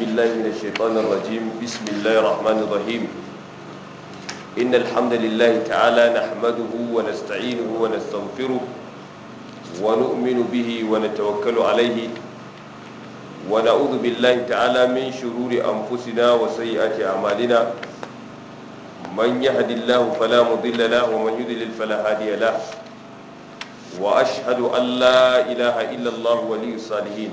بالله من الشيطان الرجيم بسم الله الرحمن الرحيم إن الحمد لله تعالى نحمده ونستعينه ونستغفره ونؤمن به ونتوكل عليه ونعوذ بالله تعالى من شرور أنفسنا وسيئات أعمالنا من يهد الله فلا مضل له ومن يضلل فلا هادي له وأشهد أن لا إله إلا الله ولي الصالحين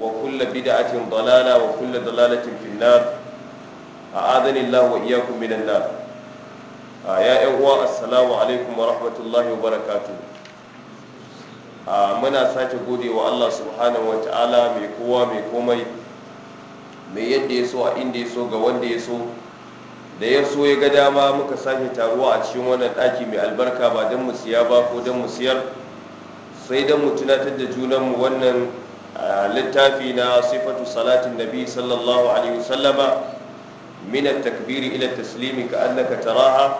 وكل بدعة ضلالة وكل ضلالة في النار أعاذني الله وإياكم من النار يا إخوة السلام عليكم ورحمة الله وبركاته muna sake gode wa Allah subhanahu wa ta'ala mai kowa mai komai mai yadda ya so a inda ya so ga wanda ya so da ya so ya ga dama muka sake taruwa a cikin wannan ɗaki mai albarka ba don mu siya ba ko don mu siyar sai don mu tunatar da junanmu wannan littafi na sifatu salatin nabi sallallahu alaihi wasallama min takbiri ila taslimi ka annaka taraha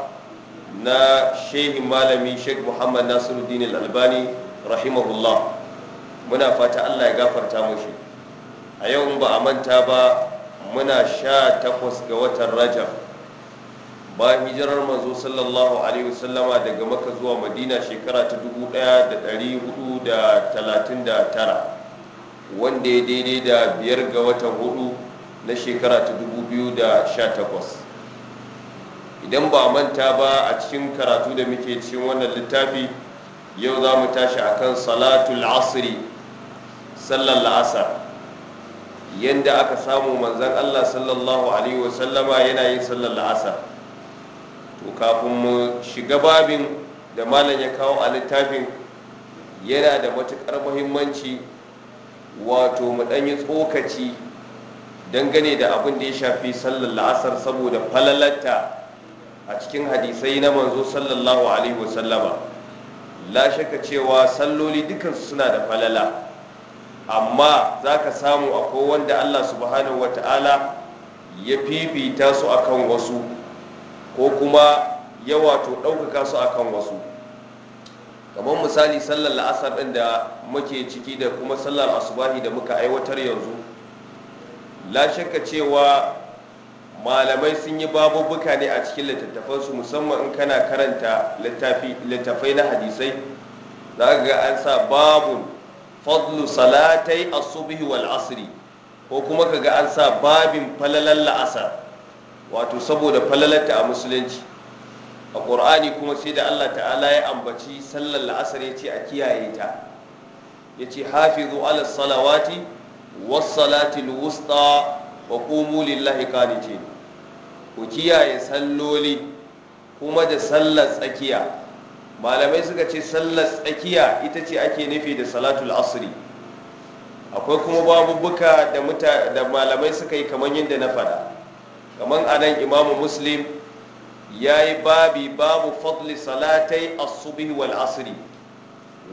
na shehi malami sheikh muhammad nasiruddin al-albani rahimahullah muna fata Allah ya gafarta mushi a yau ba a manta ba muna sha takwas ga watan rajab bayan hijirar manzo sallallahu alaihi wasallama daga maka zuwa madina shekara ta 1439 wanda ya daidai da biyar ga watan hudu na shekara ta 2018 idan ba manta ba a cikin karatu da muke cikin wannan littafi yau za mu tashi akan salatul asiri sallar la'asar yadda aka samu manzan allah sallallahu alaihi wasallama yana yin sallar la'asar to kafin mu shiga babin da malam ya kawo a littafin yana da matukar muhimmanci wato mu ɗan yi tsokaci dangane da abin da ya shafi sallar la'asar saboda falalata, a cikin hadisai na manzo sallallahu alaihi wasallama la shaka cewa salloli dukansu suna da falala amma za ka samu akwai wanda allah subhanahu wata'ala ya fifita su akan wasu ko kuma ya wato ɗaukaka su akan wasu kamar misali sallar la'asar ɗin da muke ciki da kuma sallar asubahi da muka aiwatar yanzu la shakka cewa malamai sun yi babubuka ne a cikin littattafansu musamman in kana karanta littattafai na hadisai za ga an sa babun fadlu salatai asubihi wal asri ko kuma ka ga an sa babin falalar la'asar wato saboda falalarta a musulunci a ƙur'ani kuma sai da allah ta'ala ya ambaci sallar la'asar ya ce a kiyaye ta ya ce hafi zo alas salawati wasalati wusta wa qumu lillahi ce ku kiyaye salloli kuma da sallar tsakiya malamai suka ce sallar tsakiya ita ce ake nufi da salatul asiri akwai kuma babubuka da malamai suka yi kamar yadda na faɗa kamar anan imamu muslim ya yi babi babu fadli salatai a asubi wal asiri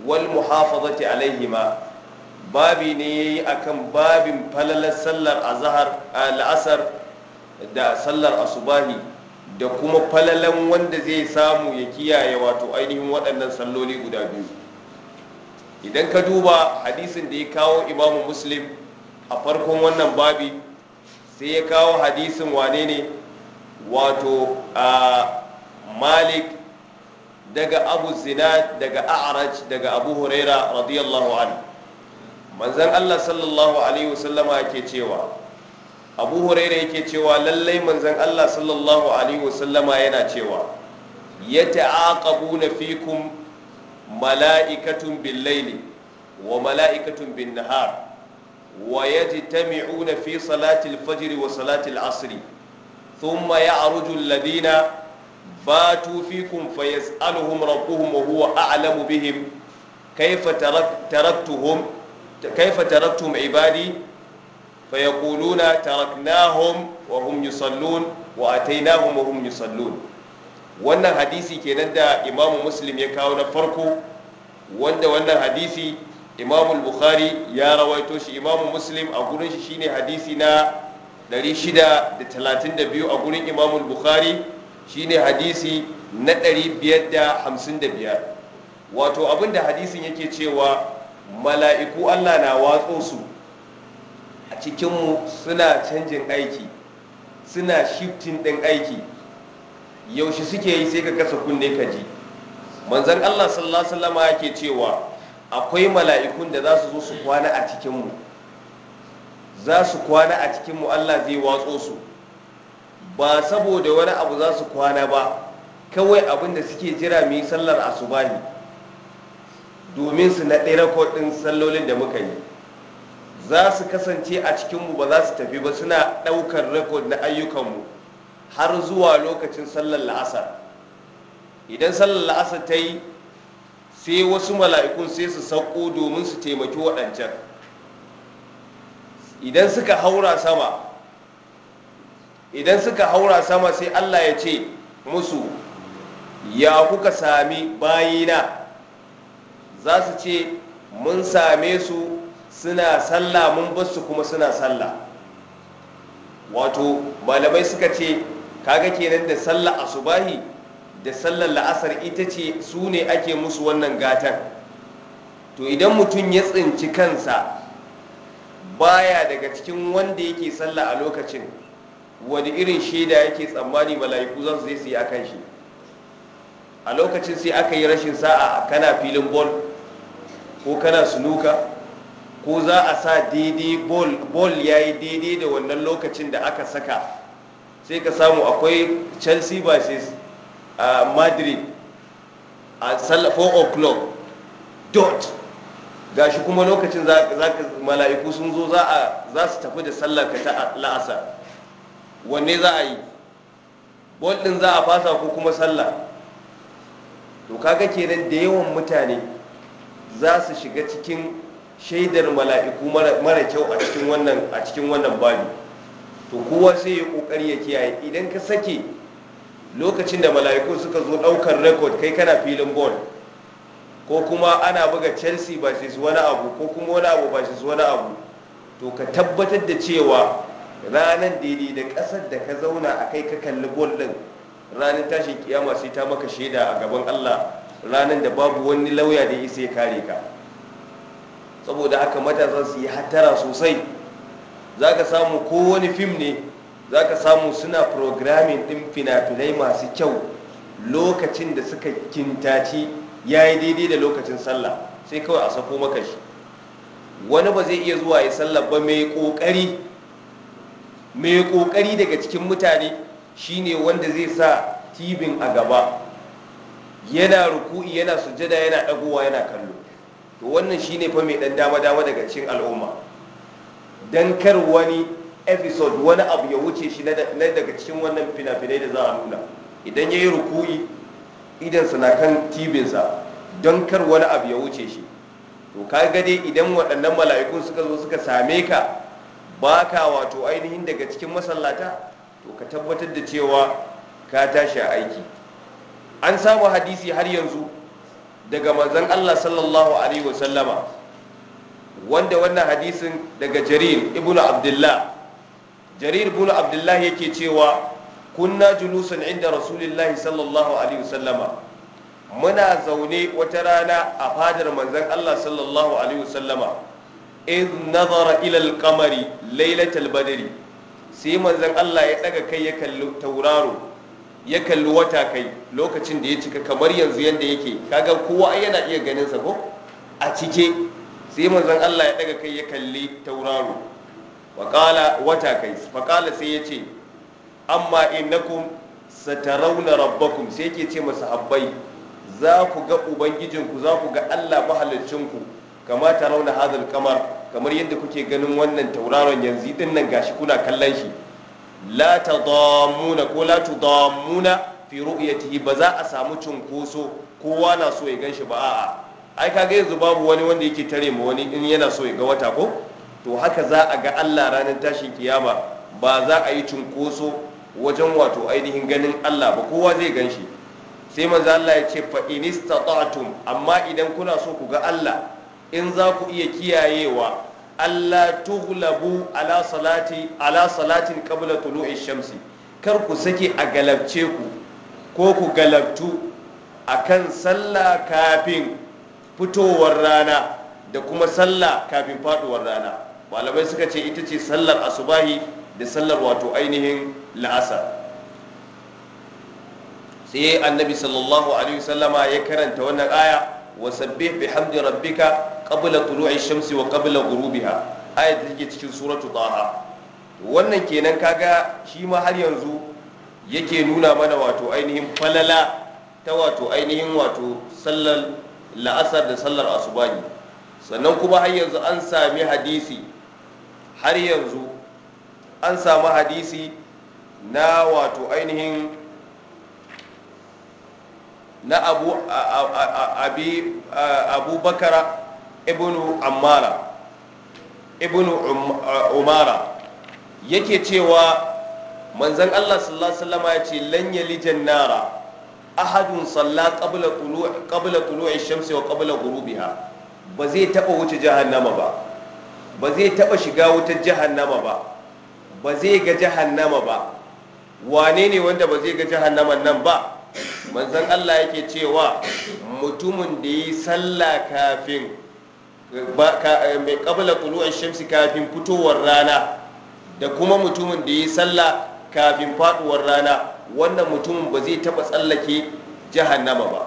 wal muhafazati ma. babi ne ya yi a kan babin falalar sallar al'asar da sallar asubahi da kuma falalan wanda zai samu ya kiyaye wato ainihin waɗannan salloli guda biyu idan ka duba hadisin da ya kawo imamu muslim a farkon wannan babi sai ya kawo hadisin wane ne wato malik daga abu zinad daga a'raj daga abu huraira radiyallahu anhu manzan allah sallallahu alaihi wasallama yake cewa abu huraira yake cewa lallai manzan allah sallallahu alaihi wasallama yana cewa ya ta'aqabu na fikun mala'ikatun bin laili wa mala'ikatun bin nahar wa yajtami'una fi salatil fajr wa salatil Asiri. thumma ya'ruju alladhina batu fikum fayas'aluhum rabbuhum wa huwa a'lamu bihim kayfa taraktuhum kayfa taraktum ibadi fayaquluna taraknahum wa hum yusallun wa atainahum wa wannan hadisi kenan da imamu muslim ya kawo na farko wanda wannan hadisi imamu bukhari ya rawaito shi imamu muslim a gurin shi shine hadisi na 632 a gurin imamul bukhari shine hadisi na 555 wato abinda hadisin yake cewa mala'iku allah na watso su a cikinmu suna canjin aiki suna shiftin ɗin aiki yaushe suke yi sai ka kasa kunne ka ji manzan allah sallallahu alaihi wasallama yake cewa akwai mala'ikun da za su zo su kwana a cikinmu za su kwana a cikinmu Allah zai watso su ba saboda wani abu za su kwana ba kawai abin da suke jira mu yi sallar asubahi domin su naɗe ɗaya ɗin sallolin da muka yi za su kasance a cikinmu ba za su tafi ba suna ɗaukar rakod na ayyukanmu har zuwa lokacin sallar la'asar idan sallar la'asar ta yi sai wasu mala'ikun sai su sauko domin su taimaki waɗancan idan suka haura sama idan suka haura sama sai Allah ya ce musu ya kuka sami bayina za su ce mun same su suna sallah mun basu kuma suna sallah wato malamai suka ce kaga kenan da sallah asubahi da sallar la'asar ita ce su ne ake musu wannan gatan to idan mutum ya tsinci kansa baya daga cikin wanda yake sallah a lokacin wani irin shaida yake tsammani mala'iku zan zai su yi akan shi a lokacin sai aka yi rashin sa'a kana filin bol ko kana sunuka ko za a sa daidai bol ya yi daidai da wannan lokacin da aka saka sai ka samu akwai chelsea versus uh, madrid a 4 o'clock dot gashi kuma lokacin mala'iku sun zo za su tafi da sallar ka ta la'asar wanne za a yi ɗin za a fasa ko kuma sallah to kaga kenan da yawan mutane za su shiga cikin shaidar mala'iku mara kyau a cikin wannan a cikin wannan babi to kowa sai ya kokari ya kiyaye idan ka sake lokacin da mala'iku suka zo daukar record kai kana filin ball ko kuma ana buga chelsea ba shi su wani abu ko kuma wani abu ba shi su wani abu to ka tabbatar da cewa ranar daidai da kasar da ka zauna a kai ka kalli bol din ranar tashin kiyama sai ta maka shaida a gaban allah ranar da babu wani lauya da isa ya kare ka saboda haka matasa su yi hattara sosai za ka samu kowane fim ne za ka samu suna programming din fina-finai masu kyau lokacin da suka kintaci ya yi daidai da lokacin sallah sai kawai a sako maka shi wani ba zai iya zuwa ya sallah ba mai kokari mai kokari daga cikin mutane shine wanda zai sa tibin a gaba yana ruku'i yana sujada yana dagowa yana kallo to wannan shine fa mai dan dama dama daga cikin al'umma dan kar wani episode wani abu ya wuce shi na daga cikin wannan fina-finai da za a nuna idan ya yi ruku'i idansa na kan tibinsa don kar wani abu ya wuce shi to ka dai idan waɗannan mala'ikun suka zo suka same ka ba ka wato ainihin daga cikin masallata to ka tabbatar da cewa ka tashi a aiki an samu hadisi har yanzu daga manzon Allah sallallahu alaihi wasallama wanda wannan hadisin daga jarir ibn Abdullahi jarir ibn abdullah yake cewa kunna julusan inda rasulillahi sallallahu alaihi wasallama muna zaune wata rana a fadar manzon Allah sallallahu alaihi wasallama iz nazara ila al-qamari lailatul badri sai manzon Allah ya daga kai ya kalli tauraro ya kalli wata kai lokacin da ya cika kamar yanzu yanda yake kaga kowa yana iya ganin sa ko a cike sai manzon Allah ya daga kai ya kalli tauraro wa wata kai fa sai ya ce amma innakum satarawna rabbakum sai yake ce masa abbai za ku ga ubangijinku za ku ga Allah mahalicinku kama tarawna hadal kamar kamar yadda kuke ganin wannan tauraron yanzu dinnan nan gashi kuna kallon shi la tadamuna ko la tudamuna fi ru'yatihi ba za a samu cunkoso kowa na so ya ganshi ba a'a ai kaga yanzu babu wani wanda yake tare mu wani in yana so ya ga wata ko to haka za a ga Allah ranar tashin kiyama ba za a yi cunkoso wajen wato ainihin ganin Allah ba kowa zai gan shi sai manzo Allah ya ce fa inistata'tum amma idan kuna so ku ga Allah in za ku iya kiyayewa Allah tughlabu ala salati ala salatin qabla tulu'i shamsi kar ku sake a galabce ku ko ku galabtu akan sallah kafin fitowar rana da kuma sallah kafin faduwar rana malamai suka ce ita ce sallar asubahi da sallar wato ainihin la'asar sai annabi sallallahu alaihi wasallama ya karanta wannan aya wa sabbih bihamdi rabbika qabla tulu'i shamsi wa qabla ghurubiha Aya da take cikin suratu taha wannan kenan kaga shi ma har yanzu yake nuna mana wato ainihin falala ta wato ainihin wato sallar la'asar da sallar asubani sannan kuma har yanzu an sami hadisi har yanzu an sami hadisi na wato ainihin na abu abubakar ibnu ammara ibnu um, umara yake cewa manzan allah sallallahu alaihi wasallama ya ce lanyali jannara ahadun salla qabla tulu'i shamsi wa qabla ghurubiha ba zai taba wuce jahannama ba ba zai taba shiga wutar jahannama ba ba zai ga jahannama ba wane ne wanda ba zai ga jahannaman nan ba manzan Allah yake cewa mutumin da yi sallah kafin mai kabla kuluwar shamsi kafin fitowar rana da kuma mutumin da yi sallah kafin faduwar rana wannan mutumin ba zai taba tsallake jahannama ba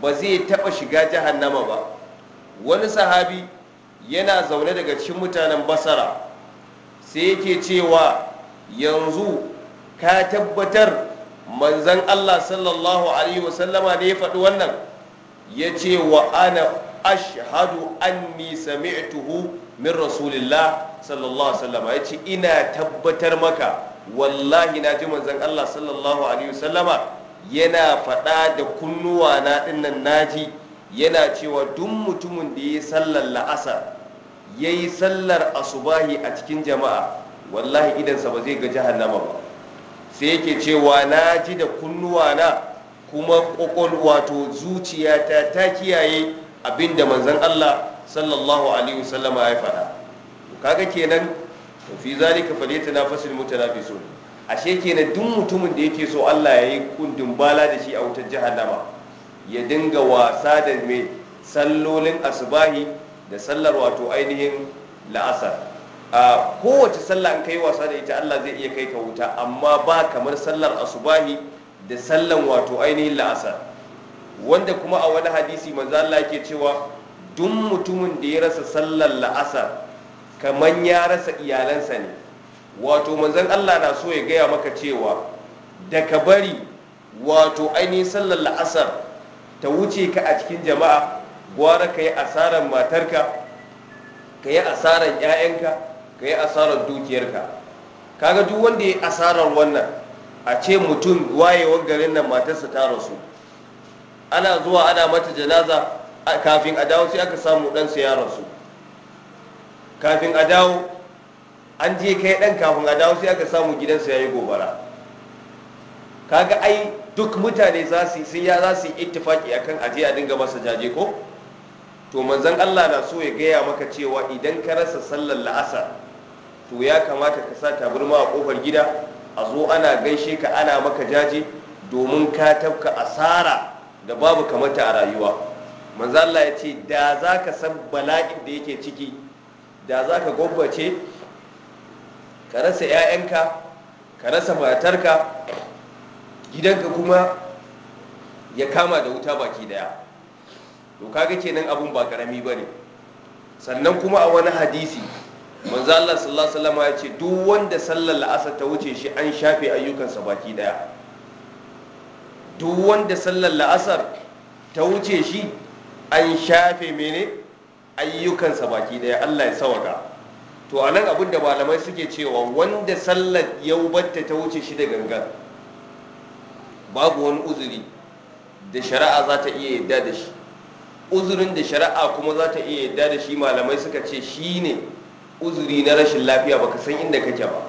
ba zai taba shiga jahannama ba wani sahabi yana zaune daga cikin mutanen basara sai yake cewa yanzu ka tabbatar manzan Allah sallallahu alaihi wasallama ne ya faɗi wannan ya ce wa ana ashhadu anni sami'tuhu min rasulillah sallallahu alaihi ya ce ina tabbatar maka wallahi na ji manzan Allah sallallahu alaihi wasallama yana faɗa da kunnuwa na na naji yana cewa duk mutumin da ya yi sallar la'asar ya yi sallar asubahi a cikin jama'a wallahi idansa ba zai ga jahannama ba sai yake cewa na ji da kunnuwana kuma kokol wato zuciyata ta kiyaye abinda manzon Allah sallallahu alaihi wasallama ya faɗa kaga kenan fi zalika nafsul mutanafisun ashe kenan duk mutumin da yake so Allah ya yi kundin bala da shi a wutar jahannama ya dinga wasa da mai sallolin asbahi da sallar wato ainihin la'asar a kowace sallah in kai wasa da ita Allah zai iya kai ka wuta amma ba kamar sallar asubahi da sallan wato ainihin la'asar wanda kuma a wani hadisi manzo Allah yake cewa duk mutumin da ya rasa sallar la'asar kaman ya rasa iyalansa ne wato manzon Allah na so ya gaya maka cewa da ka bari wato ainihin sallar la'asar ta wuce ka a cikin jama'a gwara ka yi asarar matarka ka yi asarar 'ya'yanka ka yi asarar dukiyarka kaga duk wanda ya asarar wannan a ce mutum wayewar garin nan matarsa ta rasu ana zuwa ana mata janaza kafin a dawo sai aka samu ɗansa ya rasu kafin a dawo an je kai ɗan kafin a dawo sai aka samu gidansa ya yi gobara kaga ai duk mutane za su sai ya za su ittifaki akan aje a dinga masa jaje ko to manzon Allah na so ya gaya maka cewa idan ka rasa sallar la'asar to ya kamata ka sa tabarma a kofar gida a zo ana gaishe ka ana maka jaje domin ka tafka asara da babu kamata a rayuwa manzo Allah ya ce da za ka san bala'in da yake ciki da za ka gwabbace ka rasa 'ya'yanka ka rasa matarka gidanka kuma ya kama da wuta baki daya to kaga kenan abun ba karami bane sannan kuma a wani hadisi manzo Allah sallallahu alaihi wasallam ya ce duk wanda sallar la'asar ta wuce shi an shafe ayyukansa baki daya duk wanda sallar la'asar ta wuce shi an shafe mene ayyukansa baki daya Allah ya sawaka to anan abin da malamai suke cewa wanda sallar yaubatta ta wuce shi da gangan babu wani uzuri da shari'a za ta iya yadda da shi uzurin da shari'a kuma za ta iya yadda da shi malamai suka ce shi ne uzuri na rashin lafiya baka san inda kake ba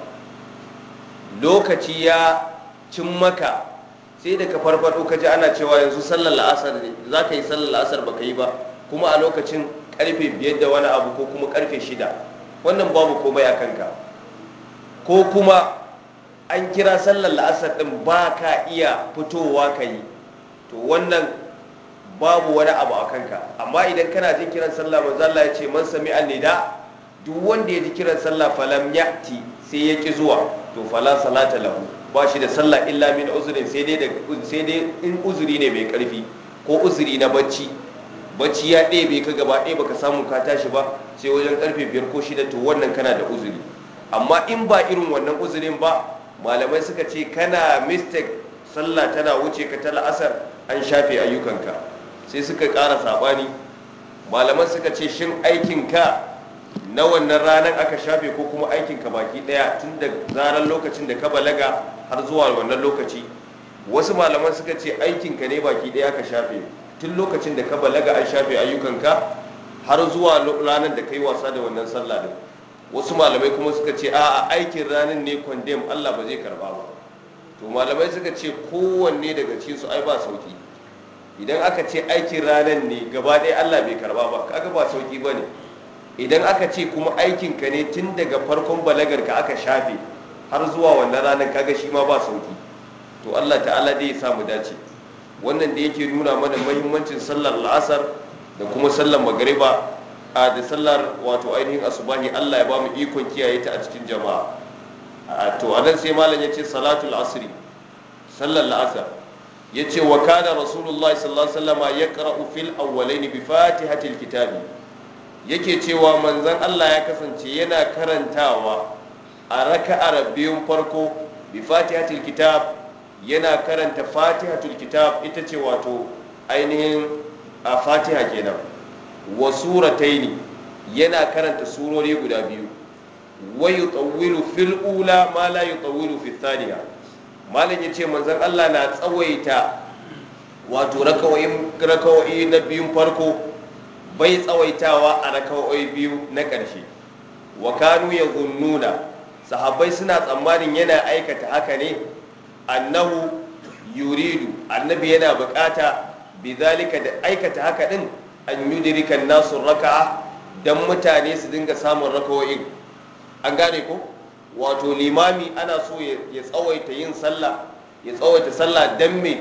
lokaci ya cin maka sai da ka farfado ka ji ana cewa yanzu sallar la'asar ne za ka yi sallar la'asar baka yi ba kuma a lokacin karfe biyar da wani abu ko kuma karfe shida wannan babu komai a kanka ko kuma an kira sallar la'asar din ba ka iya fitowa ka yi to wannan babu wani abu a kanka amma idan kana jin kiran sallah manzo Allah ya ce man ne da. duk wanda ya ji kiran sallah falam ya'ti sai ya ki zuwa to fala salata lahu ba shi da sallah illa min uzrin sai dai sai dai in uzuri ne mai karfi ko uzuri na bacci bacci ya ɗebe ka gaba ɗaya baka samu ka tashi ba sai wajen karfe biyar ko shida to wannan kana da uzuri amma in ba irin wannan uzurin ba malamai suka ce kana mistake sallah tana wuce ka ta la'asar an shafe ayyukanka sai suka ƙara saɓani Malamai suka ce shin aikinka na wannan ranar aka shafe ko kuma aikin ka baki daya tun da zaran lokacin da ka balaga har zuwa wannan lokaci wasu malaman suka ce aikin ka ne baki daya aka shafe tun lokacin da ka balaga an shafe ayyukan ka har zuwa ranar da kai wasa da wannan sallah din wasu malamai kuma suka ce a'a aikin ranar ne condemn Allah ba zai karba ba to malamai suka ce kowanne daga cikin su ai ba sauki idan aka ce aikin ranar ne gaba ɗaya Allah bai karba ba kaga ba sauki bane idan aka ce kuma aikinka ne tun daga farkon balagarka aka shafe har zuwa wannan ranar kaga shi ma ba sauki to Allah ta'ala dai ya samu dace wannan da yake nuna mana mahimmancin sallar la'asar da kuma sallar magariba a da sallar wato ainihin asubahi Allah ya ba mu ikon kiyaye ta a cikin jama'a to nan sai malam ya ce salatul asri sallar la'asar ya ce wa kana rasulullahi sallallahu alaihi wasallama yaqra'u fil awwalaini bi fatihatil kitabi yake cewa manzan Allah ya kasance yana karantawa a raka arabiyun farko bi fatihatul kitab yana karanta fatihatul kitab ita ce wato ainihin a fatiha kenan wa surataini yana karanta surori guda biyu wa yutawwilu fil ula ma la yutawwilu fil thaniya malam yace manzon Allah na tsawaita wato rakawai rakawai na biyun farko bai tsawaitawa a raka'o'i biyu na ƙarshe wa kanu ya gununa sahabbai suna tsammanin yana aikata haka ne annahu yuridu annabi yana bukata bizalika da aikata haka din an yudrika nasu raka'a dan mutane su dinga samun raka'o'in an gane ko wato limami ana so ya tsawaita yin sallah ya tsawaita sallah dan me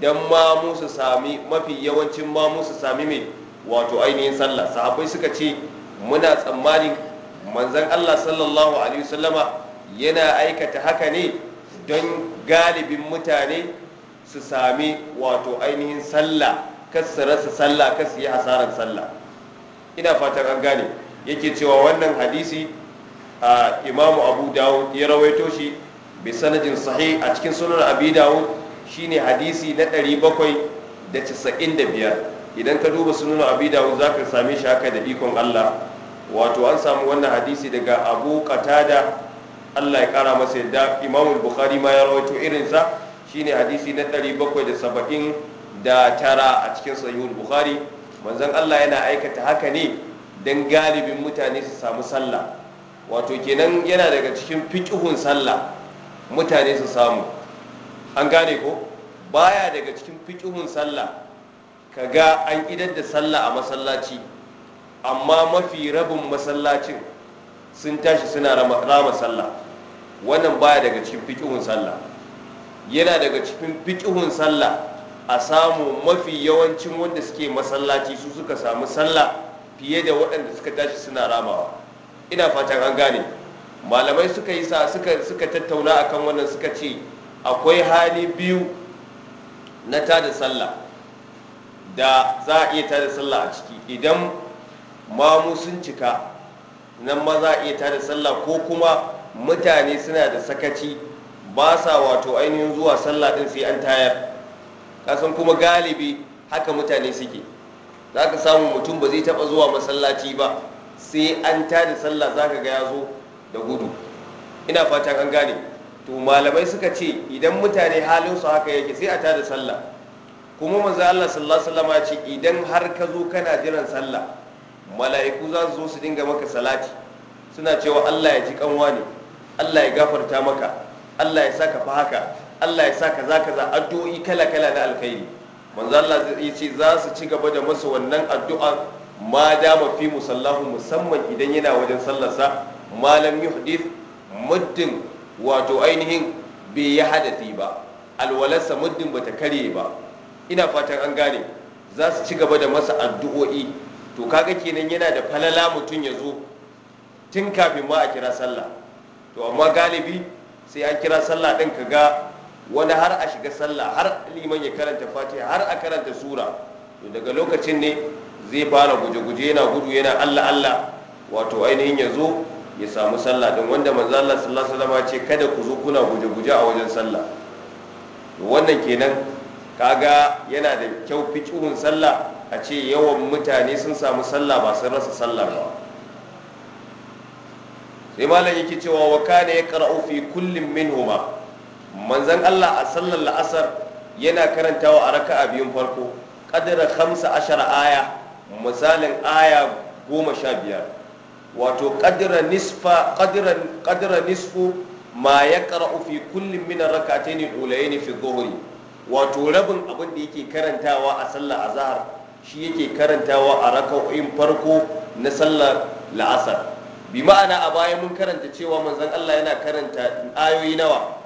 dan ma musu sami mafi yawancin ma musu sami me wato ainihin sallah sahabbai suka ce muna tsammanin manzan Allah sallallahu alaihi wasallama yana aikata haka ne don galibin mutane su sami wato ainihin sallah kasu rasa sallah kasu yi hasaran sallah ina fatan an gane yake cewa wannan hadisi a imamu abu dawud ya rawaito shi bi sanadin sahi a cikin sunan abi dawud shine hadisi na 795 idan ka duba sunan abi dawud zaka same shi haka da ikon Allah wato an samu wannan hadisi daga Abu Qatada Allah ya kara masa yadda Imam Bukhari ma ya rawaito irin sa shine hadisi na 779 da tara a cikin Sahih Bukhari manzon Allah yana aikata haka ne dan galibin mutane su samu sallah wato kenan yana daga cikin fiqhun sallah mutane su samu an gane ko baya daga cikin fiqhun sallah Ka ga an idar da sallah a masallaci amma mafi rabin masallacin sun tashi suna rama sallah wannan baya daga cikin fiƙihun sallah yana daga cikin fiƙihun sallah a samu mafi yawancin wanda suke masallaci su suka samu sallah fiye da waɗanda suka tashi suna ramawa ina fatan an gane malamai suka yi sa suka tattauna akan wannan suka ce akwai hali biyu na tada sallah da za a iya tada sallah a ciki idan mamu sun cika nan ma za a iya tada sallah ko kuma mutane suna da sakaci ba sa wato ainihin zuwa sallah din sai an tayar kasan kuma galibi haka mutane suke za ka samu mutum ba zai taba zuwa masallaci ba sai an tada sallah za ka ga zo da gudu ina fatan an gane to malamai suka ce idan mutane halinsu haka yake sai a tada sallah kuma manzo Allah sallallahu alaihi wasallam ce idan har ka zo kana jiran sallah mala'iku za su zo su dinga maka salati suna cewa Allah ya ji kanwa ne Allah ya gafarta maka Allah ya saka fa haka Allah ya saka za kaza addu'o'i kala kala na alkhairi manzo Allah ya ce za su ci gaba da masa wannan addu'a ma dama fi musallahu musamman idan yana wajen sallarsa malam yuhdith muddin wato ainihin bai ya hadafi ba alwalarsa muddin bata karye ba ina fatan an gane za su ci gaba da masa addu'o'i to kaga kenan yana da falala mutum ya zo tun kafin ma a kira sallah to amma galibi sai an kira sallah ɗin ka ga wani har a shiga sallah har liman ya karanta fatiha har a karanta sura to daga lokacin ne zai fara guje-guje yana gudu yana allah allah wato ainihin ya zo ya samu sallah din wanda manzo Allah sallallahu alaihi wasallam ce kada ku zo kuna guje-guje a wajen sallah wannan kenan kaga yana da kyau fiqhun sallah a ce yawan mutane sun samu sallah ba sun rasa sallah ba sai malam yake cewa wa kana yaqra'u fi kullin minhuma manzon Allah a sallar la'asar yana karantawa a raka'a biyun farko qadara 15 aya misalin aya goma sha biyar wato qadara qadara nisfu ma yaqra'u fi kullin min ar-rak'atayn al-ulayn fi dhuhri wato rabin abin da yake karantawa a sallar azhar shi yake karantawa a raka'o'in farko na sallar la'asar bi ma'ana a baya mun karanta cewa manzon Allah yana karanta ayoyi nawa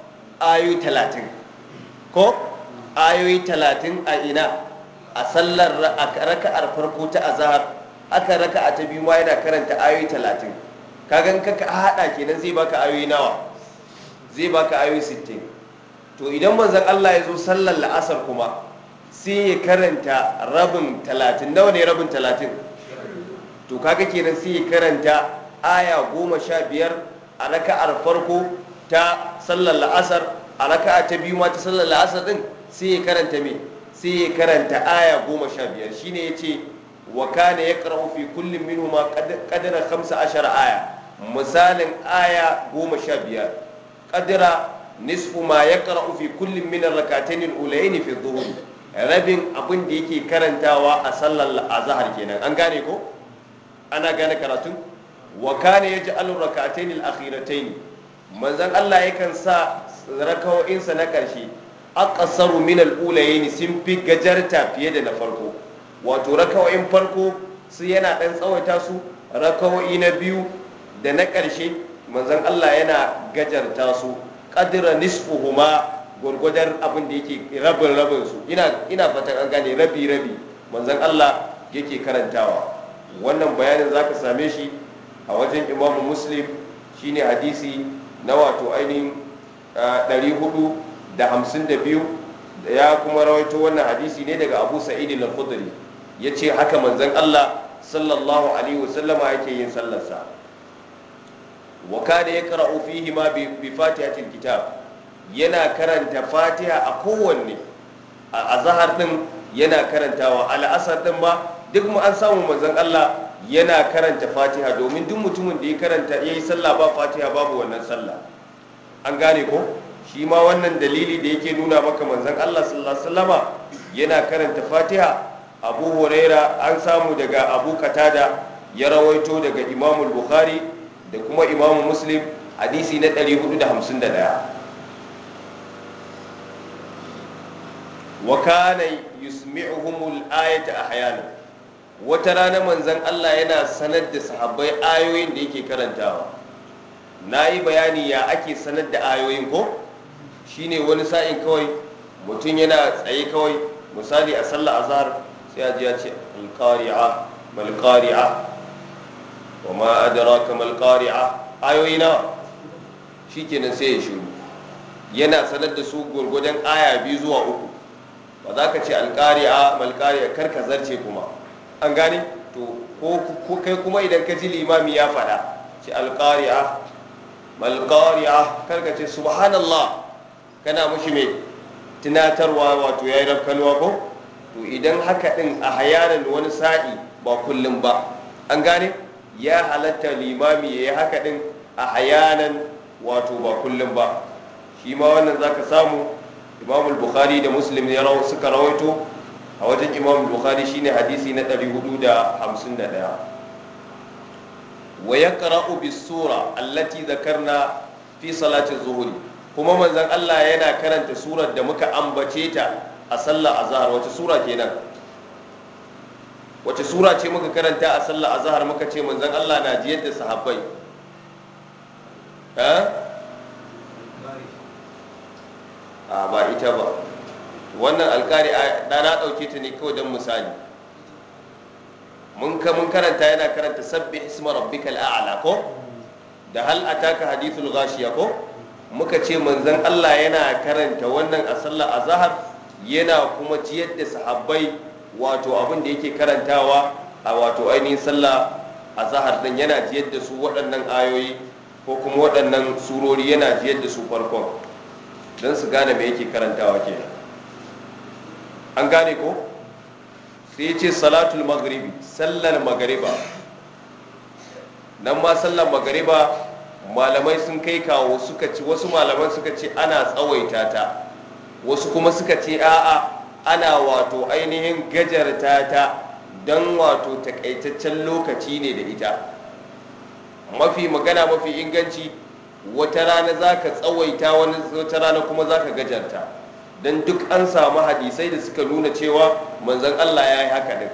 ayoyi talatin ko ayoyi talatin a ina a sallar raka'ar farko ta azhar aka raka'a ta biyu ma yana karanta ayoyi talatin kagan ka haɗa kenan zai baka ayoyi nawa zai baka ayoyi sittin to idan manzan Allah ya zo sallar la'asar kuma sai ya karanta rabin talatin nawa ne rabin talatin to kaga kenan sai ya karanta aya goma sha biyar a raka'ar farko ta sallar la'asar a raka'a ta biyu ma ta sallar la'asar din sai ya karanta me sai ya karanta aya goma sha biyar shine ya ce wa kana ya karahu fi kullum minu ma kadara 15 aya misalin aya goma sha biyar kadara nisfu ma yaqra'u fi kullum minar ar-rak'atayn fi rabin abin da yake karantawa a sallar azahar kenan an gane ko ana gane karatun wa ya ji ar-rak'atayn akhiratai ne manzon Allah yakan sa raka'o'insa na ƙarshe. aqsaru min al-ulayn sun fi gajarta fiye da na farko wato rakawain farko su yana ɗan tsawaita su rakawai na biyu da na ƙarshe manzon Allah yana gajarta su qadra nisfuhuma gurgudar abin da yake rabin rabin su ina ina fatan an gane rabi rabi manzon Allah yake karantawa wannan bayanin zaka same shi a wajen Imam Muslim shine hadisi na wato ainihin 452 ya kuma rawaito wannan hadisi ne daga Abu Sa'id al-Khudri yace haka manzon Allah sallallahu alaihi wasallama yake yin sallarsa wa kana yaqra'u fihi ma bi fatihatil kitab yana karanta fatiha a kowanne a zahar din yana karantawa al'asar din ba duk mu an samu manzon Allah yana karanta fatiha domin duk mutumin da ya karanta yayi sallah ba fatiha babu wannan sallah an gane ko shi ma wannan dalili da yake nuna maka manzon Allah sallallahu alaihi wasallama yana karanta fatiha abu huraira an samu daga abu katada ya rawaito daga imamul bukhari da kuma imamu muslim hadisi na 451 wa kana yusmi'uhumul ayata ahyana wata rana manzon Allah yana sanar da sahabbai ayoyin da yake karantawa nayi bayani ya ake sanar da ayoyin ko shine wani sa'in kawai mutum yana tsaye kawai misali a sallar azhar sai ya ce alqari'a malqari'a wa ma adraka mal qari'a ayoyi nawa shikenan sai ya shiru yana sanar da su gurgurdan aya biyu zuwa uku ba za ka ce alƙari'a malƙari'a kar ka zarce kuma an gane to ko kai kuma idan ka ji limami ya faɗa ce alƙari'a malƙari'a kar ka ce subhanallah kana mushi mai tunatarwa wato ya yi rafkanuwa ko to idan haka ɗin a hayanin wani sa'i ba kullum ba an gane ya halatta limami ya yi haka din a hayanan wato ba kullum ba shi ma wannan za ka samu imam bukhari da muslim ya suka rawaito a wajen imam bukhari shine hadisi na 451 wa yaqra'u bis sura allati na fi salati zuhuri kuma manzon Allah yana karanta surar da muka ambace ta a sallar azhar wata sura kenan wace sura ce muka karanta a sallah a zahar muka ce manzon Allah na jiyar da sahabbai a ba ita ba wannan alkari da na ɗauke ta ne kawai don misali mun ka mun karanta yana karanta sabbi isma rabbikal a'la ko da hal taka hadithul ghashiya ko muka ce manzon Allah yana karanta wannan a sallar azhar yana kuma ciyar da sahabbai wato abin da yake karantawa a wato ainihin sallah a zahar din yana jiyar da su waɗannan ayoyi ko kuma waɗannan surori yana jiyar da su farkon don su gane me yake karantawa ke an gane ko sai ce salatul magharibi sallar magariba nan ma sallar magariba malamai sun kai kawo suka ci wasu malaman suka ce ana tsawaita ta wasu kuma suka ce a'a ana wato ainihin gajarta ta don wato takaitaccen lokaci ne da ita mafi magana mafi inganci wata rana za ka tsawaita wani wata rana kuma za ka gajarta don duk an samu hadisai da suka nuna cewa manzan allah ya yi haka din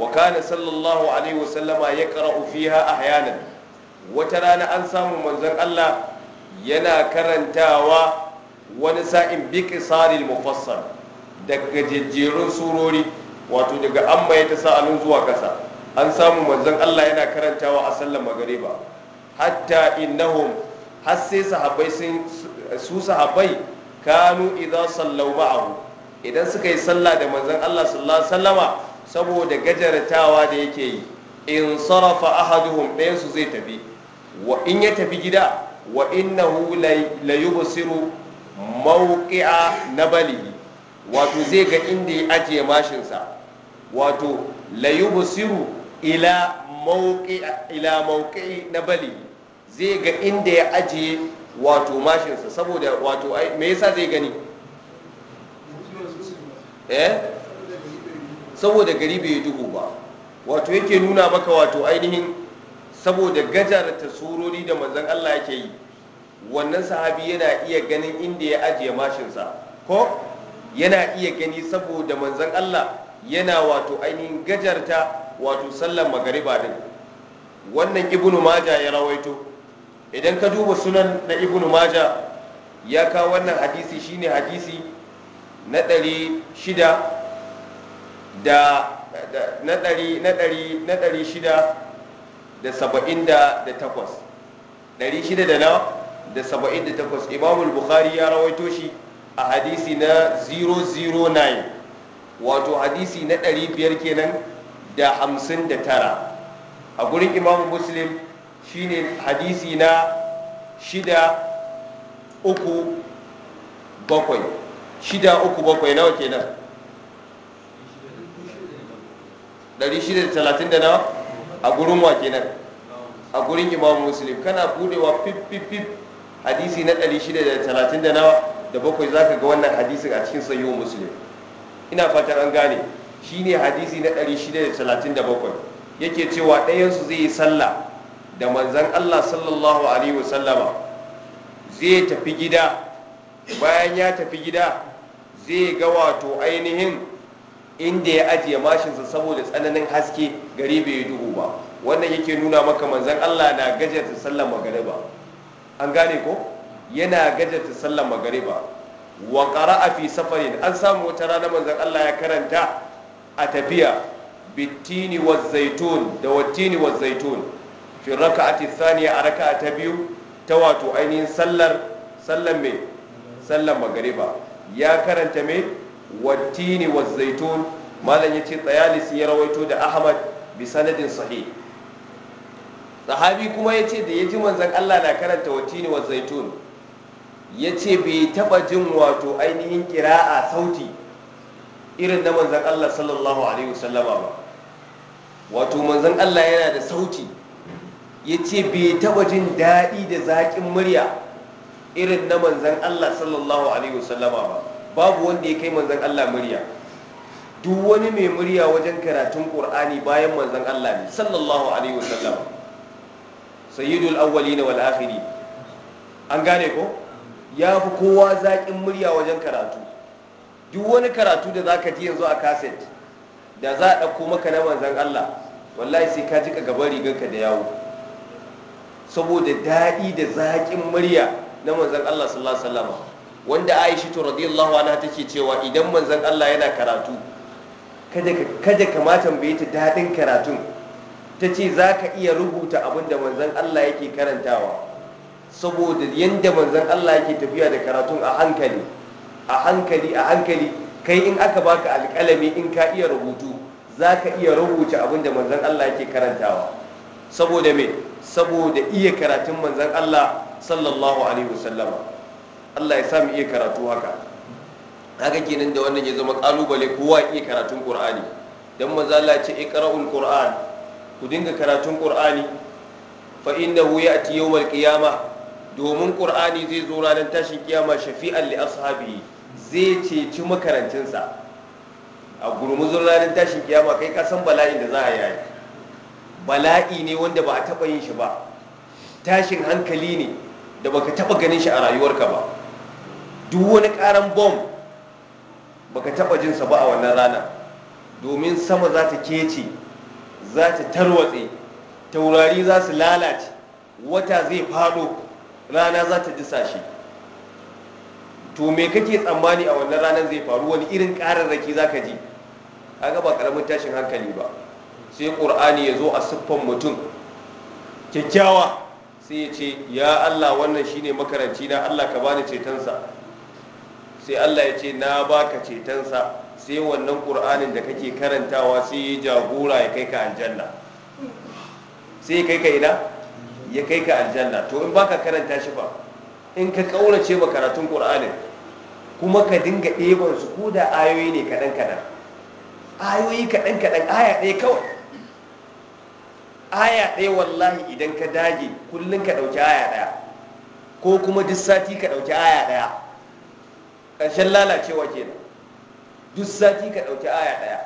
wa sallallahu alaihi wasallama ya ƙara'u fiha hayanan. wata rana an samu manzan allah yana karantawa wani sa'in bi mufassar daga jejjerun surori wato daga an maye ta sa'alun zuwa kasa an samu manzon Allah yana karantawa a sallar magariba hatta innahum har sai sahabbai sun su sahabbai kanu idza sallaw ma'ahu idan suka yi sallah da manzon Allah sallallahu alaihi wasallama saboda gajartawa da yake yi in sarafa ahaduhum ɗayan su zai tafi wa in ya tafi gida wa innahu la yubsiru mawqi'a nabalihi wato zai ga inda ya ajiye mashinsa wato layubsiru ila mauqi ila mauqi na bali zai ga inda ya ajiye wato mashinsa saboda wato me yasa zai gani eh saboda gari bai duhu ba wato yake nuna maka wato ainihin saboda gajar surori da manzon Allah yake yi wannan sahabi yana iya ganin inda ya ajiye mashinsa ko yana iya gani saboda manzan Allah yana wato ainihin gajarta wato sallar magariba din wannan ibnu maja ya rawaito idan ka duba sunan na ibnu maja ya kawo wannan hadisi shine hadisi na ɗari shida da na ɗari na ɗari na ɗari shida da saba'in da takwas ɗari shida da na da saba'in da takwas imamul bukhari ya rawaito shi a hadisi na 009 wato hadisi na 500 kenan da 59 a gurin imam muslim shine hadisi na 6 uku bakwai shida uku bakwai nawa kenan 630 da nawa a gurin wa kenan a gurin imamu muslim kana budewa fif fif hadisi na 630 da nawa da bakwai ga wannan hadisin a cikin sayo musulun ina fatan an gane shine hadisi na 637 yake cewa ɗayansu zai yi sallah da manzan Allah sallallahu alaihi wasallama zai tafi gida bayan ya tafi gida zai ga wato ainihin inda ya ajiye mashinsa saboda tsananin haske gari bai duhu ba wannan yake nuna maka manzan Allah na gajarta sallar ba. an gane ko yana gajata sallar magariba wa qara'a fi safarin an samu wata rana manzon Allah ya karanta a tafiya bitini wa zaitun da wattini wa zaitun fi raka'ati thaniya a raka'a ta biyu ta wato ainihin sallar sallar mai sallar magariba ya karanta mai wattini wa zaitun malam yace tsayalisi ya rawaito da Ahmad bi sanadin sahih sahabi kuma ya ce da ya ji manzan Allah na karanta watini wa zaitun ya ce bai taba jin wato ainihin kira'a sauti irin na manzan Allah sallallahu alaihi wasallama ba wato manzan Allah yana da sauti ya ce bai taba jin daɗi da zaƙin murya irin na manzan Allah sallallahu alaihi wasallama ba babu wanda ya kai manzan Allah murya duk wani mai murya wajen karatun ƙur'ani bayan manzan Allah ne sallallahu alaihi wasallama sayyidul awwalin wal akhirin an gane ko ya fi kowa zaƙin murya wajen karatu duk wani karatu da zaka ji yanzu a kaset da za a ɗauko maka na manzan Allah wallahi sai ka jika gaban riganka da yawo saboda daɗi da zaƙin murya na manzan Allah sallallahu alaihi wasallam wanda Aisha to radiyallahu anha take cewa idan manzan Allah yana karatu kada ka kada ka ta daɗin karatun ta ce za ka iya rubuta abin da manzan Allah yake karantawa saboda yadda manzan Allah yake tafiya da karatun a hankali a hankali a hankali kai in aka baka alƙalami in ka iya rubutu za ka iya rubuta abin da manzan Allah yake karantawa saboda me saboda iya karatun manzan Allah sallallahu alaihi wasallam Allah ya sami iya karatu haka haka kenan da wannan ya zama kalubale kowa iya karatun Qur'ani dan manzan Allah ya ce iqra'ul Qur'an ku dinga karatun qur'ani fa innahu ya'ti yawmal qiyama domin ƙur'ani zai zo ranar tashin kiyama shafi'an li ashabi zai ceci makarantinsa a gurmuzun ranar tashin kiyama kai ka san bala'in da za a yi bala'i ne wanda ba a taba yin shi ba tashin hankali ne da baka taba ganin shi a rayuwarka ba duk wani karan bom baka taba jinsa ba a wannan rana domin sama za ta kece za ta tarwatse taurari za su lalace wata zai fado rana za ta ji shi to me kake tsammani a wannan ranar zai faru wani irin ƙararraki za ka ji a gaba karamin tashin hankali ba sai ƙur'ani ya zo a siffan mutum kyakkyawa sai ya ce ya allah wannan shine makaranci na allah ka bani cetonsa sai allah ya ce na baka cetonsa sai wannan ƙur'anin da kake karantawa sai ya jagora ya kai ka aljanna sai ya kai ka ina ya kai ka aljanna to in baka karanta shi ba in ka kaurace ba karatun ƙur'anin kuma ka dinga ɗeban su ko da ayoyi ne kaɗan kaɗan ayoyi kaɗan kaɗan aya ɗaya kawai aya ɗaya wallahi idan ka dage kullum ka ɗauki aya ɗaya ko kuma duk sati ka ɗauki aya ɗaya ƙarshen lalacewa kenan duk sati ka ɗauki aya ɗaya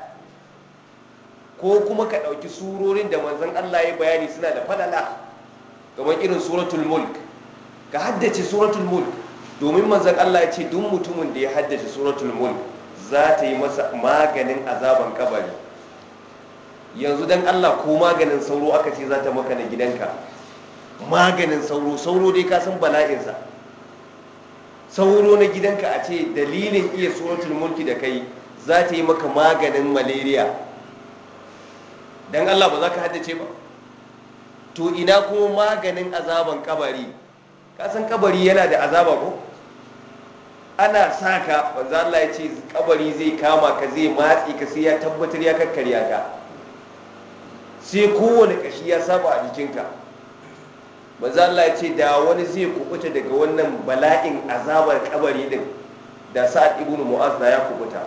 ko kuma ka ɗauki surorin da manzan Allah ya bayani suna da falala kamar irin suratul mulk ka haddace suratul mulk domin manzan Allah ya ce duk mutumin da ya haddace suratul mulk za ta yi masa maganin azaban kabari yanzu dan Allah ko maganin sauro aka ce za ta maka na gidanka maganin sauro sauro dai ka san bala'insa sauro na gidanka a ce dalilin iya suratul mulki da kai za ta yi maka maganin malaria don allah ba za ka haddace ba to ina kuma maganin azaban kabari kasan kabari yana da azaba ko ana sa ka wanzan allah ya ce kabari zai kama ka zai matsi ka sai ya tabbatar ya karkarya ka sai kowane kashi ya saba a jikinka wanzan Allah ya ce da wani zai kubuta daga wannan bala'in azabar kabari din da sa'ad ibnu mu'az da ya kubuta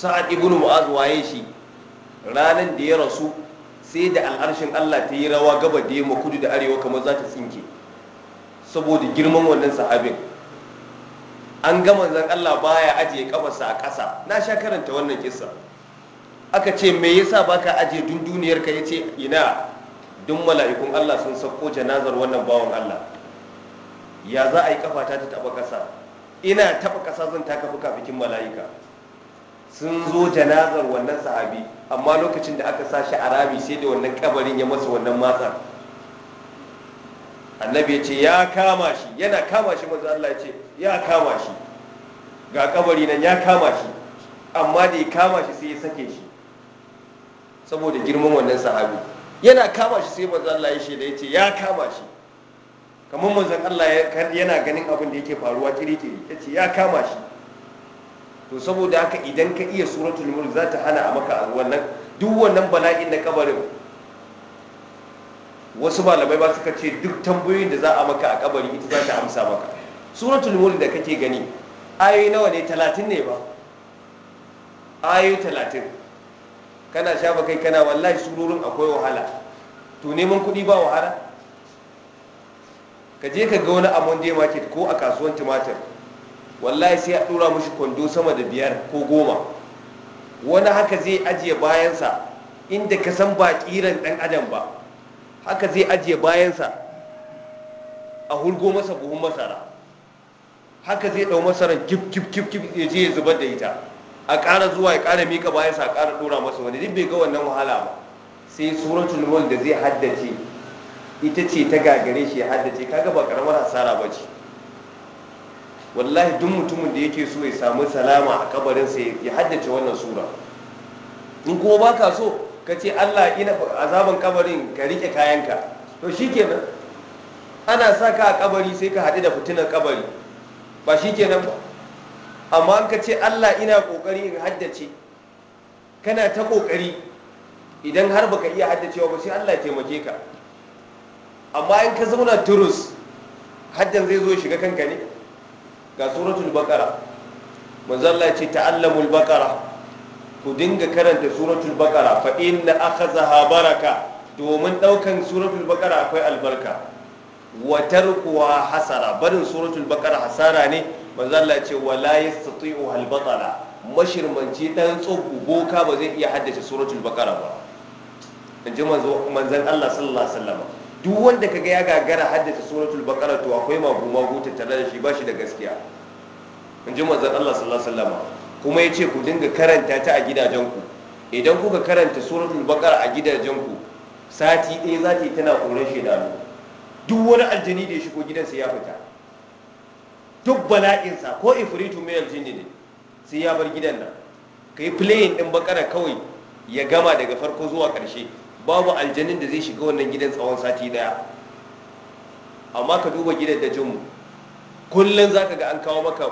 sa'ad ibn mu'az waye shi ranan da ya rasu sai da al'arshin Allah ta yi rawa gaba da yamma kudu da arewa kamar za ta tsinke saboda girman wannan sahabin an ga manzon Allah baya ajiye kafarsa a ƙasa na sha karanta wannan kisa. aka ce me yasa baka ajiye dunduniyar ka ce ina duk mala'ikun Allah sun sako janazar wannan bawan Allah ya za a yi kafata ta taba ƙasa ina taba ƙasa zan taka fuka bikin mala'ika sun zo janazar wannan sahabi amma lokacin da aka sashi a rami sai da wannan kabarin ya masa wannan matsar annabi ya ce ya kama shi yana kama shi Maza Allah ya ce ya kama shi ga kabari nan ya kama shi amma da ya kama shi sai ya sake shi saboda girman wannan sahabi yana kama shi sai Maza Allah ya da ya ce ya kama shi kamar Maza Allah yana ganin abin da yake faruwa kiri-kiri ya ce ya kama shi to saboda haka idan ka iya suratul mulk za ta hana a maka wannan duk wannan bala'in na kabarin wasu malamai ba suka ce duk tambayoyin da za a maka a kabari ita za ta amsa maka suratul mulk da kake gani ayoyi nawa ne talatin ne ba ayoyi talatin kana shafa kai kana wallahi sururin akwai wahala to neman kuɗi ba wahala ka je ka ga wani amon market ko a kasuwan tumatir wallahi sai a dora mushi kwando sama da biyar ko goma wani haka zai ajiye bayansa inda ka san ba kiran dan adam ba haka zai ajiye bayansa a hurgo masa buhun masara haka zai dau masaran kif kif kif kip ya je ya zubar da ita a ƙara zuwa ya ƙara mika bayansa a ƙara dora masa wani duk bai ga wannan wahala ba sai suratul mulk da zai haddace ita ce ta gagare shi ya haddace kaga ba karamar hasara ba ce wallahi duk mutumin da yake so ya samu salama a sa ya haddace wannan sura in kuma ba ka so ka ce allah ina azaban kabarin ka rike kayanka to shikenan ana sa ka a kabari sai ka haɗu da fitinar kabari ba shikenan ba amma an ka ce allah ina ƙoƙari in haddace kana ta ƙoƙari idan har baka iya haddacewa ba sai allah taimake ka amma in ka zauna turus haddan zai zo shiga kanka ne ga suratul baqara manzalla ce ta'allamul baqara ku dinga karanta suratul baqara fa inna akhadha baraka domin daukan suratul baqara akwai albarka wa tarkuwa hasara barin suratul baqara hasara ne manzalla ya ce wala yastati'u al batala mashirmanci dan tsogu boka ba zai iya haddace suratul baqara ba in ji manzon Allah sallallahu alaihi wasallam duk wanda ka ga ya gagara haddace suratul baqara to akwai ta tattare da shi ba shi da gaskiya in ji manzon Allah sallallahu alaihi wasallam kuma yace ku dinga karanta ta a gidajen ku. idan kuka karanta suratul baqara a gidajen ku, sati ɗaya za ta yi tana koran shedanu duk wani aljini da ya shigo gidansa ya fita duk bala'insa ko ifritu mai aljini ne sai ya bar gidan nan ka yi playing ɗin bakara kawai ya gama daga farko zuwa ƙarshe babu aljanin da zai shiga wannan gidan tsawon sati daya amma ka duba gidan da jinmu kullum za ka ga an kawo maka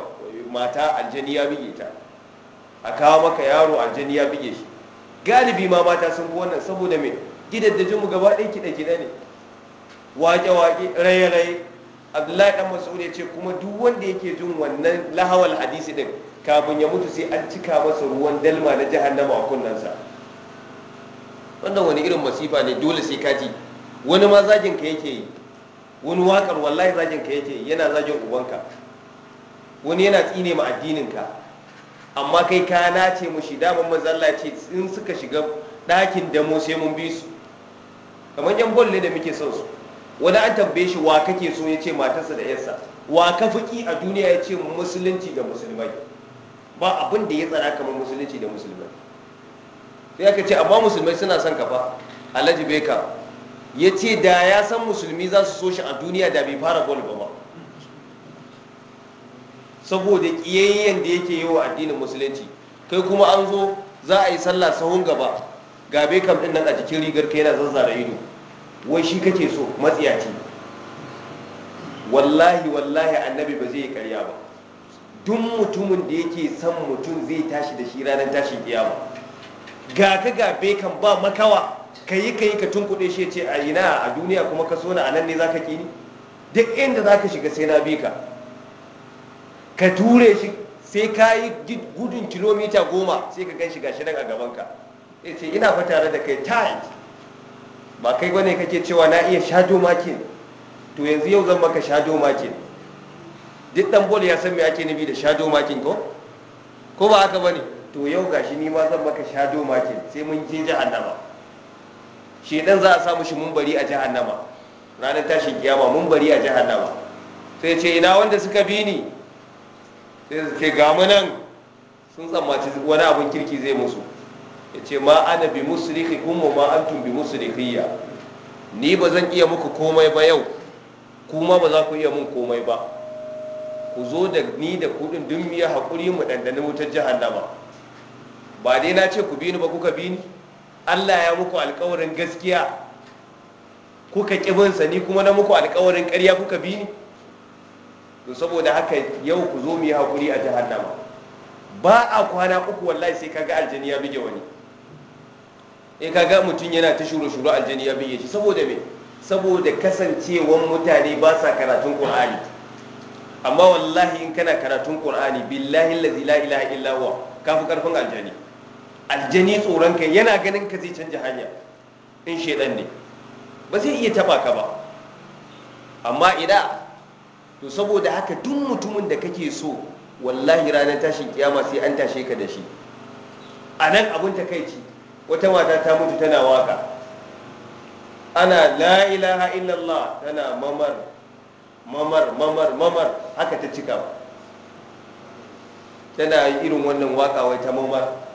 mata aljani ya bige ta a kawo maka yaro aljani ya bige shi galibi ma mata sun fi wannan saboda mai gidan da jinmu gaba ɗaya kiɗa gida ne wake-wake raye-raye abdullahi dan masu ya ce kuma duk wanda yake jin wannan lahawal hadisi din kafin ya mutu sai an cika masa ruwan dalma na jahannama a kunnensa wannan wani irin masifa ne dole sai ka ji wani ma zagin ka yake yi wani wakar wallahi zagin ka yake yana zagin ubanka wani yana tsine ma addinin ka amma kai ka nace mushi daman mazalla ce in suka shiga ɗakin mu sai mun bi su kamar yan bolle da muke son su wani an tambaye shi wa kake so ya ce matarsa da yarsa wa ka fuki a duniya ya ce musulunci da musulmai ba abin da ya tsara kamar musulunci da musulmai sai aka ce amma musulmai suna son ka fa alhaji beka ya ce da ya san musulmi za su so shi a duniya da bai fara gol ba saboda ƙiyayyen da yake yi wa addinin musulunci kai kuma an zo za a yi sallah sahun gaba ga bekam ɗin nan a jikin rigar ka yana zazzara ido wai shi kake so matsiyaci wallahi wallahi annabi ba zai yi karya ba duk mutumin da yake son mutum zai tashi da shi ranar tashin kiyama ga ka ga kan ba makawa ka yi ka yi ka tun kuɗe shi ce a ina a duniya kuma ka so na a nan ne za ka ƙi duk inda za ka shiga sai na bi ka ka ture shi sai ka yi gudun kilomita goma sai ka gan shi gashi nan a gabanka ya ce ina fa tare da kai tight ba kai ka kake cewa na iya shado makin to yanzu yau zan maka shado makin duk ɗan bol ya san me ake nufi da shado makin ko ko ba haka ne? to yau gashi shi ma zan maka shado makin sai mun je jahannama dan za a samu shi mun bari a jahannama ranar tashin kiyama mun bari a jahannama sai ce ina wanda suka bi ni sai su ce gamu nan sun tsammaci wani abin kirki zai musu ya ce ma ana bi musuliki kuma ma antum bi musulikiya ni ba zan iya muku komai ba yau kuma ba za ku iya mun komai ba ku zo da ni da kudin dun miya haƙuri mu ɗanɗani wutar jahannama ba dai na ce ku bi ni ba kuka bi ni Allah ya muku alkawarin gaskiya kuka kibinsa ni kuma na muku alkawarin ƙarya kuka bi ni to saboda haka yau ku zo mu yi hakuri a jahannama ba a kwana uku wallahi sai kaga aljani ya bige wani in eh, kaga mutum yana ta shuru shuru aljani ya bige shi saboda me saboda kasancewan mutane ba sa karatun qur'ani amma wallahi in kana karatun qur'ani billahi allazi la ilaha illa huwa kafi karfin aljani aljani tsoron ka yana ganin ka zai canja hanya in shedan ne ba zai iya taba ka ba amma ina to saboda haka duk mutumin da kake so wallahi ranar tashin kiyama sai an tashe ka da shi a nan abin takaici wata mata ta mutu tana waka ana la ilaha illallah tana mamar mamar mamar mamar haka ta cika tana yi irin wannan waka wai ta mamar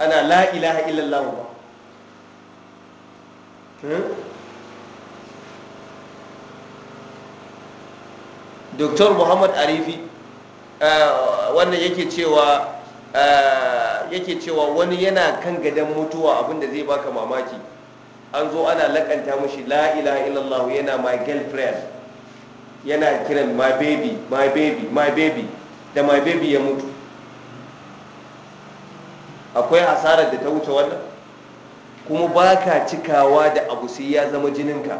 ana la ilaha illallah ba hmm? Dr. Muhammad Arifi uh, wannan yake cewa uh, yake cewa wani yana kan gadon mutuwa abinda zai baka mamaki an zo ana lakanta mashi la ilaha illallah yana my girlfriend yana kiran my baby my baby my baby da my baby ya mutu akwai hasarar da ta wuce wannan kuma ba ka cikawa da abu sai ya zama jinin ka.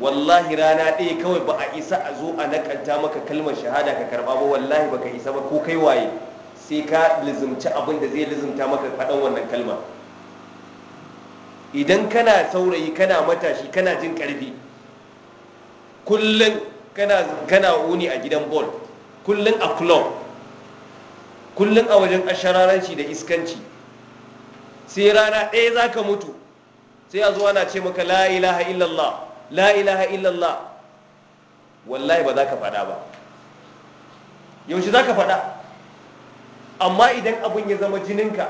wallahi rana ɗaya kawai ba a isa a zo a nakanta maka kalmar shahada ka karba ba wallahi ba ka isa ba ko kai waye sai ka lizumci abin da zai lizumta maka faɗan wannan kalma idan kana saurayi kana matashi kana jin ƙarfi kullum kana wuni a gidan bol kullum a club kullum a wajen ashararanci da iskanci sai rana ɗaya za ka mutu sai a zuwa na ce maka la ilaha illallah la illallah wallahi ba za ka faɗa ba yaushe za ka faɗa amma idan abin ya zama jininka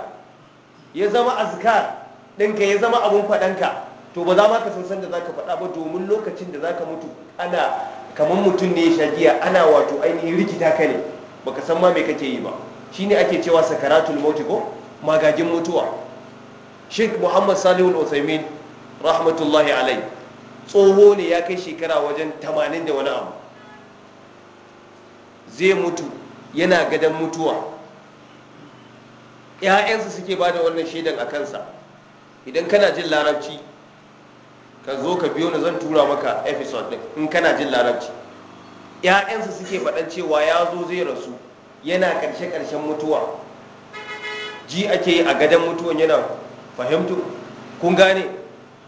ya zama azkar ɗinka ya zama abin ka, to ba za ma ka san da za ka faɗa ba domin lokacin da za ka mutu ana kamar mutum ne ya shagiya ana wato ainihin rikita ka ne Ba ka san ma mai kake yi ba shi ne ake cewa sakaratul mauti ko Magajin mutuwa Sheikh Muhammad Salihu al rahmatullahi alai tsoho ne ya kai shekara wajen 80 da wani abu zai mutu yana gadon mutuwa ‘ya'yansa suke ba da wannan shaidan a kansa idan kana jin larabci ka zo ka biyo na zan tura maka episode din in kana jin larabci ‘ya'yansa suke faɗan cewa ya zo zai rasu yana karshe karshen mutuwa ji ake yi a gadon mutuwan yana fahimtu kun gane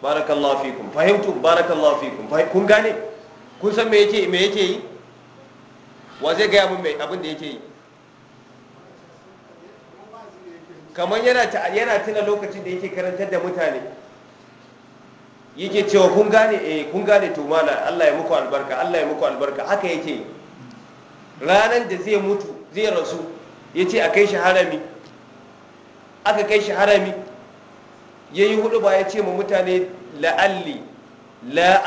barakallahu fikum fahimtu barakallahu fikum kun gane kun san me yake me yake yi wa zai gaya mun mai abin da yake yi kamar yana tuna lokacin da yake karantar da mutane yake cewa kun gane eh kun gane to mala Allah ya muku albarka Allah ya muku albarka haka yake ranan da zai mutu zai rasu ya ce a kai shi harami aka kai shi harami ya yi hudu ba ya ce ma mutane la'alli la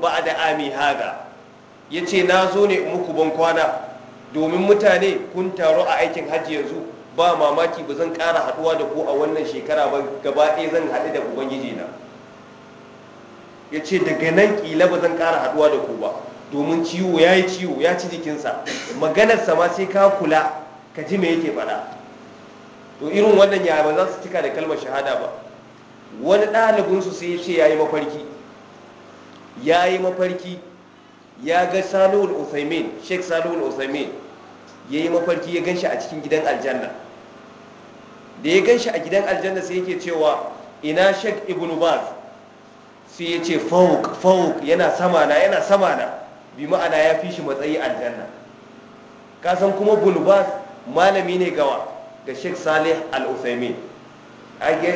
ba da ami haga ya ce na zo ne muku ban kwana domin mutane kun taro a aikin hajji yanzu ba mamaki ba zan ƙara haɗuwa da ku a wannan shekara ba gaba ɗaya zan haɗu da ubangiji na ya ce daga nan ƙila ba zan ƙara haɗuwa da ku ba domin ciwo ya yi ciwo ya ci jikinsa maganarsa ma sai ka kula ka ji me yake faɗa to irin wannan ya ba za su cika da kalmar shahada ba wani ɗalibinsu sai ya ce ya yi mafarki ya yi mafarki ya ga salihul usaimin sheik salihul usaimin ya yi mafarki ya gan shi a cikin gidan aljanna da ya gan shi a gidan aljanna sai yake cewa ina sheik ibn baz sai ya ce fawuk fawuk yana samana yana samana bi ma'ana ya fi shi matsayi aljanna kasan kuma bulbas malami ne gawa ga sheikh salih al-usaimin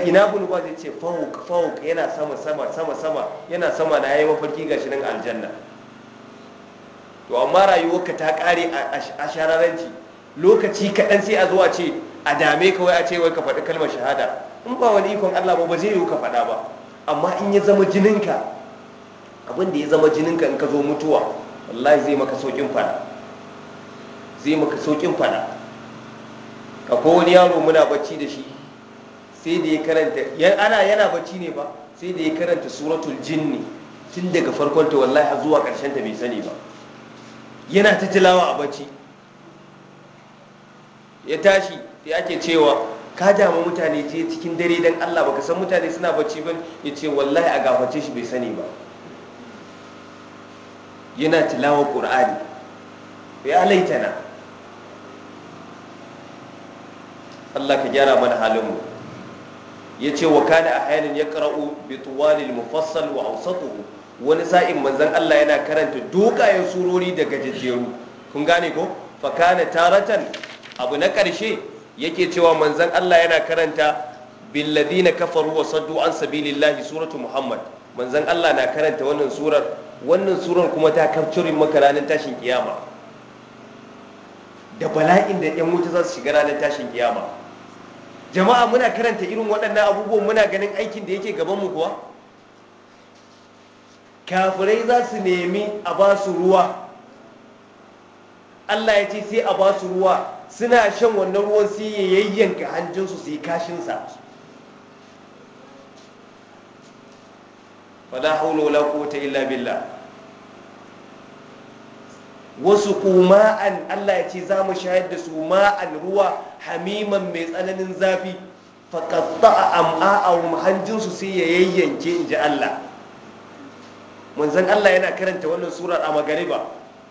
ina bulbas ya ce fawuk fawuk yana sama sama sama sama yana sama na ya yi mafarki ga shi nan aljanna to amma rayuwarka ta kare a shararanci lokaci kaɗan sai a zuwa ce a dame kawai a ce wai ka faɗi kalmar shahada in ba wani ikon allah ba ba zai yiwu ka faɗa ba amma in ya zama jininka ka, abinda ya zama jinin ka in ka zo mutuwa wallahi zai maka saukin fada zai maka saukin fada wani yaro muna bacci da shi sai da ya karanta yan ana yana bacci ne ba sai da ya karanta suratul jinni tun daga farkon ta wallahi har zuwa karshen ta bai sani ba yana ta tilawa a bacci ya tashi sai ake cewa ka damu mutane ce cikin dare dan Allah baka san mutane suna bacci ba ya ce wallahi a gaface shi bai sani ba yana tilawar ƙur'ani ya laitana Allah ka gyara mana halinmu ya ce wa kane a hayanin ya ƙara'u bi tuwalil mufassal wa ausatuhu wani sa'in manzan Allah yana karanta dogayen surori daga gajejjeru kun gane ko Fakana taratan abu na ƙarshe yake cewa manzan Allah yana karanta billadina kafaru wa saddu an sabilillahi suratu muhammad manzan Allah na karanta wannan surar wannan surar kuma ta kafcuri maka ranar tashin kiyama da bala'in da yan wuta za su shiga ranar tashin kiyama jama'a muna karanta irin waɗannan abubuwan muna ganin aikin da yake gabanmu kuwa kafirai za su nemi a ba su ruwa allah ya ce sai a ba su ruwa suna shan wannan ruwan sai ya yayyanka hanjinsu su yi kashinsa fada haula wala quwwata illa billah wasu kuma'an Allah ya ce za mu shayar da su ma'an ruwa hamiman mai tsananin zafi faƙatta a am'a'awun sai ya yayyanke in ji Allah Wanzan Allah yana karanta wannan surar a magariba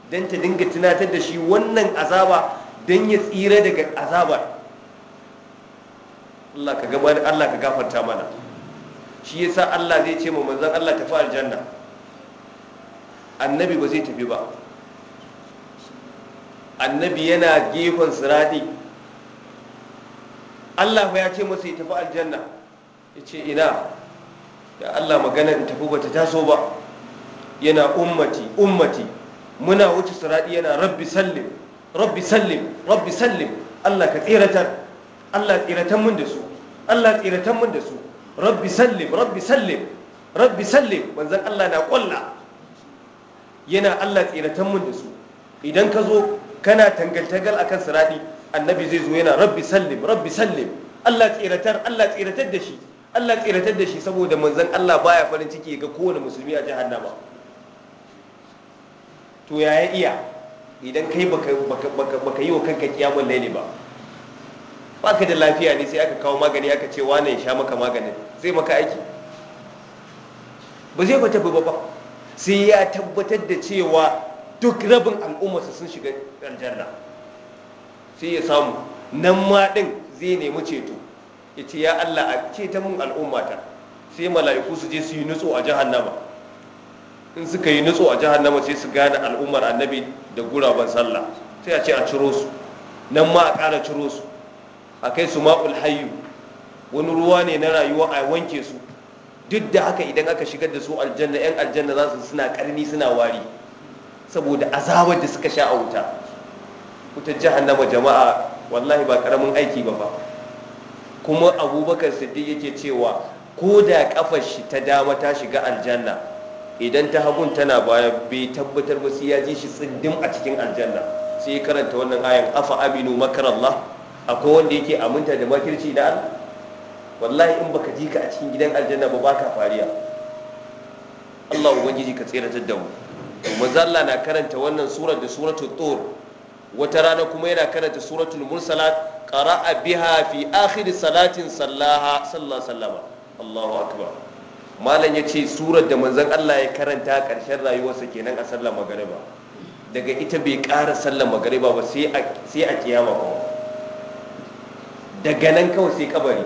don ta dinga tunatar da shi wannan azaba don ya tsira daga azabar Allah ka gafarta mana shi yasa Allah zai ce ma manzon Allah tafi aljanna annabi ba zai tafi ba annabi yana gefen sirati Allah ba ya ce masa ya tafi aljanna ya ce ina da Allah magana in tafi ta taso ba yana ummati ummati muna wuce sirati yana rabbi sallim rabbi sallim rabbi sallim Allah ka tsiratar Allah tsiratar mun da su Allah tsiratar mun da su rabbi sallim rabbi sallim rabbi sallim wanzan Allah na kwalla yana Allah tsiratan mun da su idan ka zo kana tangal akan siradi annabi zai zo yana rabbi sallim rabbi sallim Allah tsiratar Allah tsiratar da shi Allah tsiratar da shi saboda manzan Allah baya farin ciki ga kowane musulmi a jahannama to yaya iya idan kai baka yi wa kanka kiyamun laili ba baka da lafiya ne sai aka kawo magani aka ce wane ya sha maka maganin zai maka aiki ba zai ba ba sai ya tabbatar da cewa duk rabin al'ummarsa sun shiga aljanna sai ya samu nan ma din zai nemi ceto ya ce ya Allah a ceta mun al'ummata sai mala'iku su je su yi nutso a jahannama in suka yi nutso a jahannama sai su gane al'ummar annabi da guraben sallah sai a ce a ciro su nan ma a ƙara ciro su a kai su ma'ul hayu wani ruwa ne na rayuwa a wanke su duk da haka idan aka shigar da su aljanna yan aljanna za su suna karni suna wari saboda azabar da suka sha a wuta wutar jahannama jama'a wallahi ba karamin aiki ba ba kuma abubakar sadi yake cewa ko da kafar shi ta dama ta shiga aljanna idan ta hagun tana baya bai tabbatar ba sai ya ji shi tsindin a cikin aljanna sai ya karanta wannan ayan afa aminu makarallah akwai wanda yake aminta da makirci da Allah wallahi in baka ji ka a cikin gidan aljanna ba baka fariya Allah ubangiji ka tseratar da mu manzo Allah na karanta wannan surar da suratul tur wata rana kuma yana karanta suratul mursalat qara'a biha fi akhir salatin sallaha sallallahu sallama Allahu akbar malam yace surar da manzon Allah ya karanta ƙarshen rayuwarsa kenan a sallar magariba daga ita bai ƙara sallar magariba ba sai a sai a kiyama kuma daga nan kawai sai kabari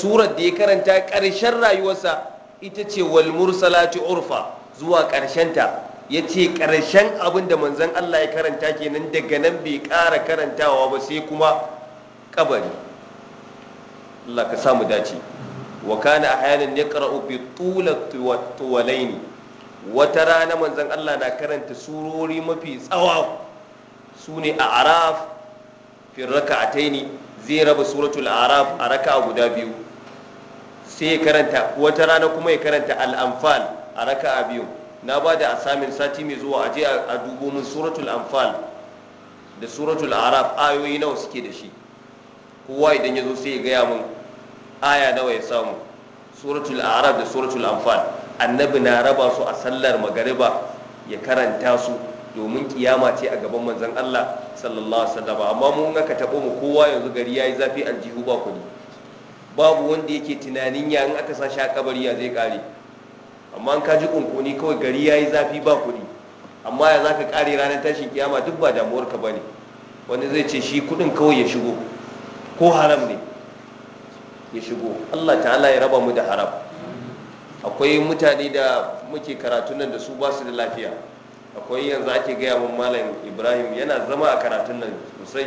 surar da ya karanta ƙarshen rayuwarsa ita ce wal mursalati urfa zuwa ƙarshenta ya ce ƙarshen abin da manzan Allah ya karanta kenan daga nan bai ƙara karantawa ba sai kuma kabari Allah ka samu dace wa kana ahyanan yaqra'u bi tulati wa tuwalaini wata rana manzan Allah na karanta surori mafi tsawa sune a araf fi Taini zai raba suratul araf a a guda biyu sai ya karanta wata rana kuma ya karanta al raka a raka'a biyu na ba da asamin sati mai zuwa a je a dubo min suratul amfal da suratul araf ayoyi nawa suke da shi kowa idan ya zo sai ya gaya min aya nawa ya samu suratul araf da suratul amfal annabi na raba su a sallar magariba ya karanta su domin kiyama ce a gaban manzon Allah sallallahu alaihi wasallam amma mun aka tabo mu kowa yanzu gari yayi zafi aljihu ba kuɗi babu wanda yake tunanin ya in aka sa shi a kabari ya zai kare amma an kaji kunkuni kawai gari yayi zafi ba kuɗi amma ya zaka kare ranar tashin kiyama duk ba damuwar ka bane wani zai ce shi kuɗin kawai ya shigo ko haram ne ya shigo Allah ta'ala ya raba mu da haram akwai mutane da muke karatu nan da su ba su da lafiya akwai yanzu ake gaya mun malam ibrahim yana zama a karatun nan sosai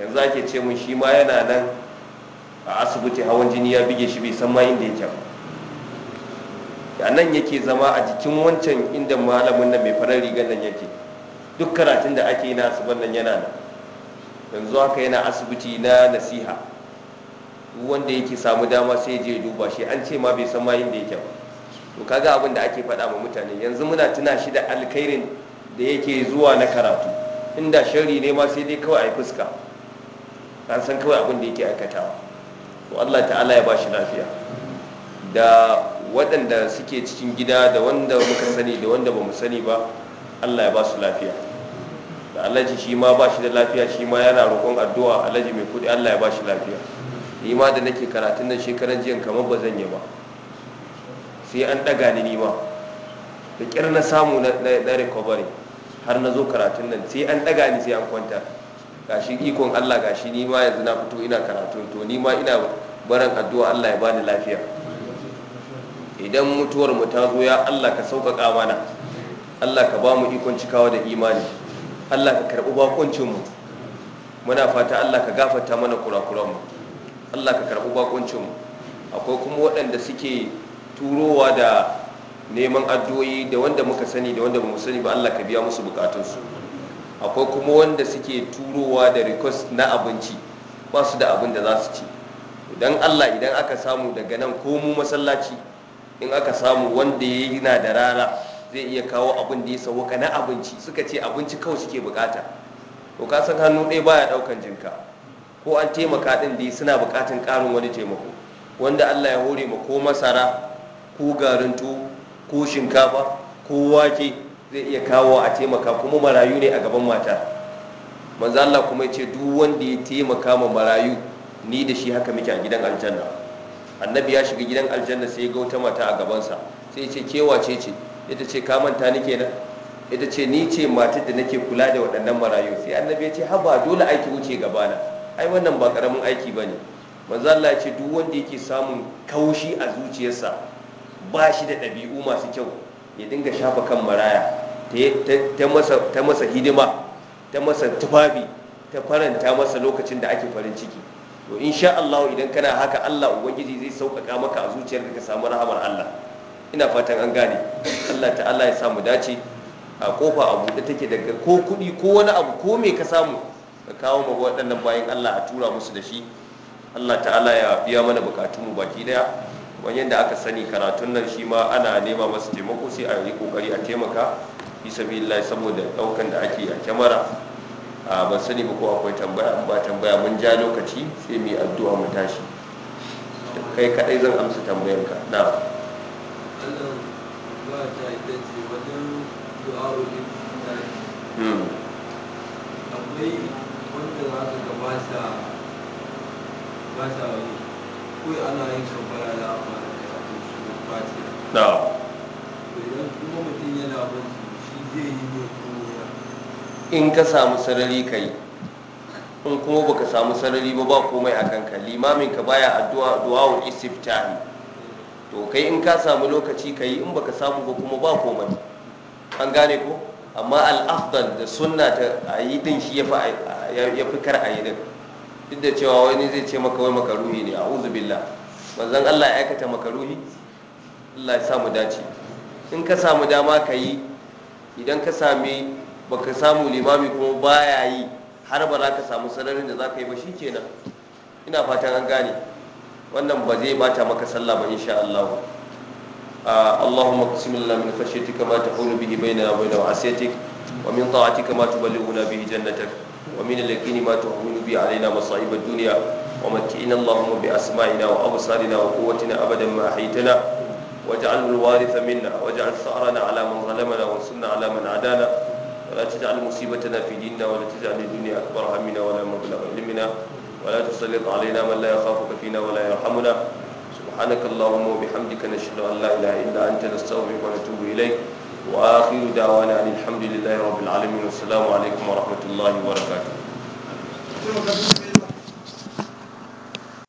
yanzu ake ce mun shi ma yana nan a asibiti hawan jini ya bige shi bai san ma inda yake a nan yake zama a jikin wancan inda malamin nan mai farar rigar nan yake duk karatun da ake yi na asibar nan yana nan yanzu haka yana asibiti na nasiha wanda yake samu dama sai je duba shi an ce ma bai san ma inda yake ba to kaga abin da ake faɗa ma mutane yanzu muna tuna shi da alkhairin da yake zuwa na karatu inda shari ne ma sai dai kawai a yi fuska an san kawai abin da yake aikatawa to allah ta'ala ya ba shi lafiya da waɗanda suke cikin gida da wanda muka sani da wanda ba mu sani ba allah ya ba su lafiya da alhaji shi ma ba da lafiya shi ma yana roƙon addu'a alhaji mai kuɗi allah ya ba shi lafiya ni ma da nake karatun nan shekaran jiya kamar ba zan yi ba sai an daga ni nima da kyar na samu na recovery har na zo karatun nan sai an daga ni sai an kwanta gashi ikon Allah gashi nima yanzu na fito ina karatun to ma ina baran addu'a Allah ya bani lafiya idan mutuwar mu ta zo ya Allah ka sauƙaƙa mana Allah ka ba mu ikon cikawa da imani Allah ka karɓi bakuncin mu muna fata Allah ka gafarta mana kurakuran mu Allah ka karɓi bakuncin mu akwai kuma waɗanda suke turowa da neman addu'o'i da wanda muka sani da wanda mu sani ba Allah ka biya musu bukatunsu akwai kuma wanda suke turowa da request na abinci ba su da abin da za su ci idan Allah idan aka samu daga nan ko mu masallaci in aka samu wanda ya yi na da rara zai iya kawo abin da ya sauka na abinci suka ce abinci kawai suke bukata to ka san hannu ɗaya baya ɗaukan jinka ko an taimaka ɗin da suna bukatan ƙarin wani taimako wanda Allah ya hore ma ko masara ko garin tuwo ko shinkafa ko wake zai iya kawo a taimaka kuma marayu ne a gaban mata manzo Allah kuma ya ce duk wanda ya taimaka ma marayu ni da shi haka muke a gidan aljanna annabi ya shiga gidan aljanna sai ya ga wata mata a gabansa sai ya ce kewa ce ce ita ce ka manta ni kenan ita ce ni ce matar da nake kula da waɗannan marayu sai annabi ya ce ha ba dole aiki wuce gabana ai wannan ba karamin aiki bane manzo Allah ya ce duk wanda yake samun kaushi a zuciyarsa ba shi da ɗabi'u masu kyau ya dinga shafa kan maraya ta masa hidima ta masa tufafi ta faranta masa lokacin da ake farin ciki to sha Allah idan kana haka Allah ubangiji zai sauƙaƙa maka a zuciyar ka samu rahamar Allah ina fatan an gane Allah ta'ala ya sa mu dace a kofa a buɗe take daga ko kuɗi ko wani abu ko me ka samu ka kawo ma waɗannan bayan Allah a tura musu da shi Allah ta'ala ya biya mana bukatunmu baki daya wani yadda aka sani karatun nan shi ma ana nema masu taimako sai a yi kokari a taimaka fi lai saboda daukan da ake a kyamara a ban sani ba ko akwai tambaya ba tambaya mun ja lokaci sai mu yi addu'a mu tashi kai kadai zan amsa tambayar ka na akwai wanda za ka ba sa ba sa kawai ana yin kabbara da amma kafin sunan fatiha da idan kuma mutum yana mafi shi zai yi ne koya in ka samu sarari ka yi in kuma baka samu sarari ba ba komai a kanka limamin ka baya addu'a du'a'ul istiftahi to kai in ka samu lokaci ka yi in baka samu ba kuma ba komai an gane ko amma al-afdal da sunna ta ayi din shi yafi yafi kar ayi din duk da cewa wani zai ce maka wai makaruhi ne a'udhu billah manzon Allah ya aikata makaruhi Allah ya samu dace in ka samu dama ka yi idan ka sami baka samu limami kuma baya yi har ba za ka samu sararin da za ka yi ba shi kenan ina fatan an gane wannan ba zai bata maka sallah ba insha Allah اللهم اقسم لنا من خشيتك ما تحول به بيننا وبين معصيتك ومن طاعتك ما تبلغنا به جنتك ومن اليقين ما تهون به علينا مصائب الدنيا ومتئنا اللهم بأسمائنا وأبصارنا وقوتنا أبدا ما أحيتنا واجعله الوارث منا واجعل ثأرنا على من ظلمنا وانصرنا على من عادانا ولا تجعل مصيبتنا في ديننا ولا تجعل الدنيا أكبر همنا ولا مبلغ علمنا ولا تسلط علينا من لا يخافك فينا ولا يرحمنا سبحانك اللهم وبحمدك نشهد أن لا إله إلا أنت نستغفرك ونتوب إليك واخر دعوانا ان الحمد لله رب العالمين والسلام عليكم ورحمه الله وبركاته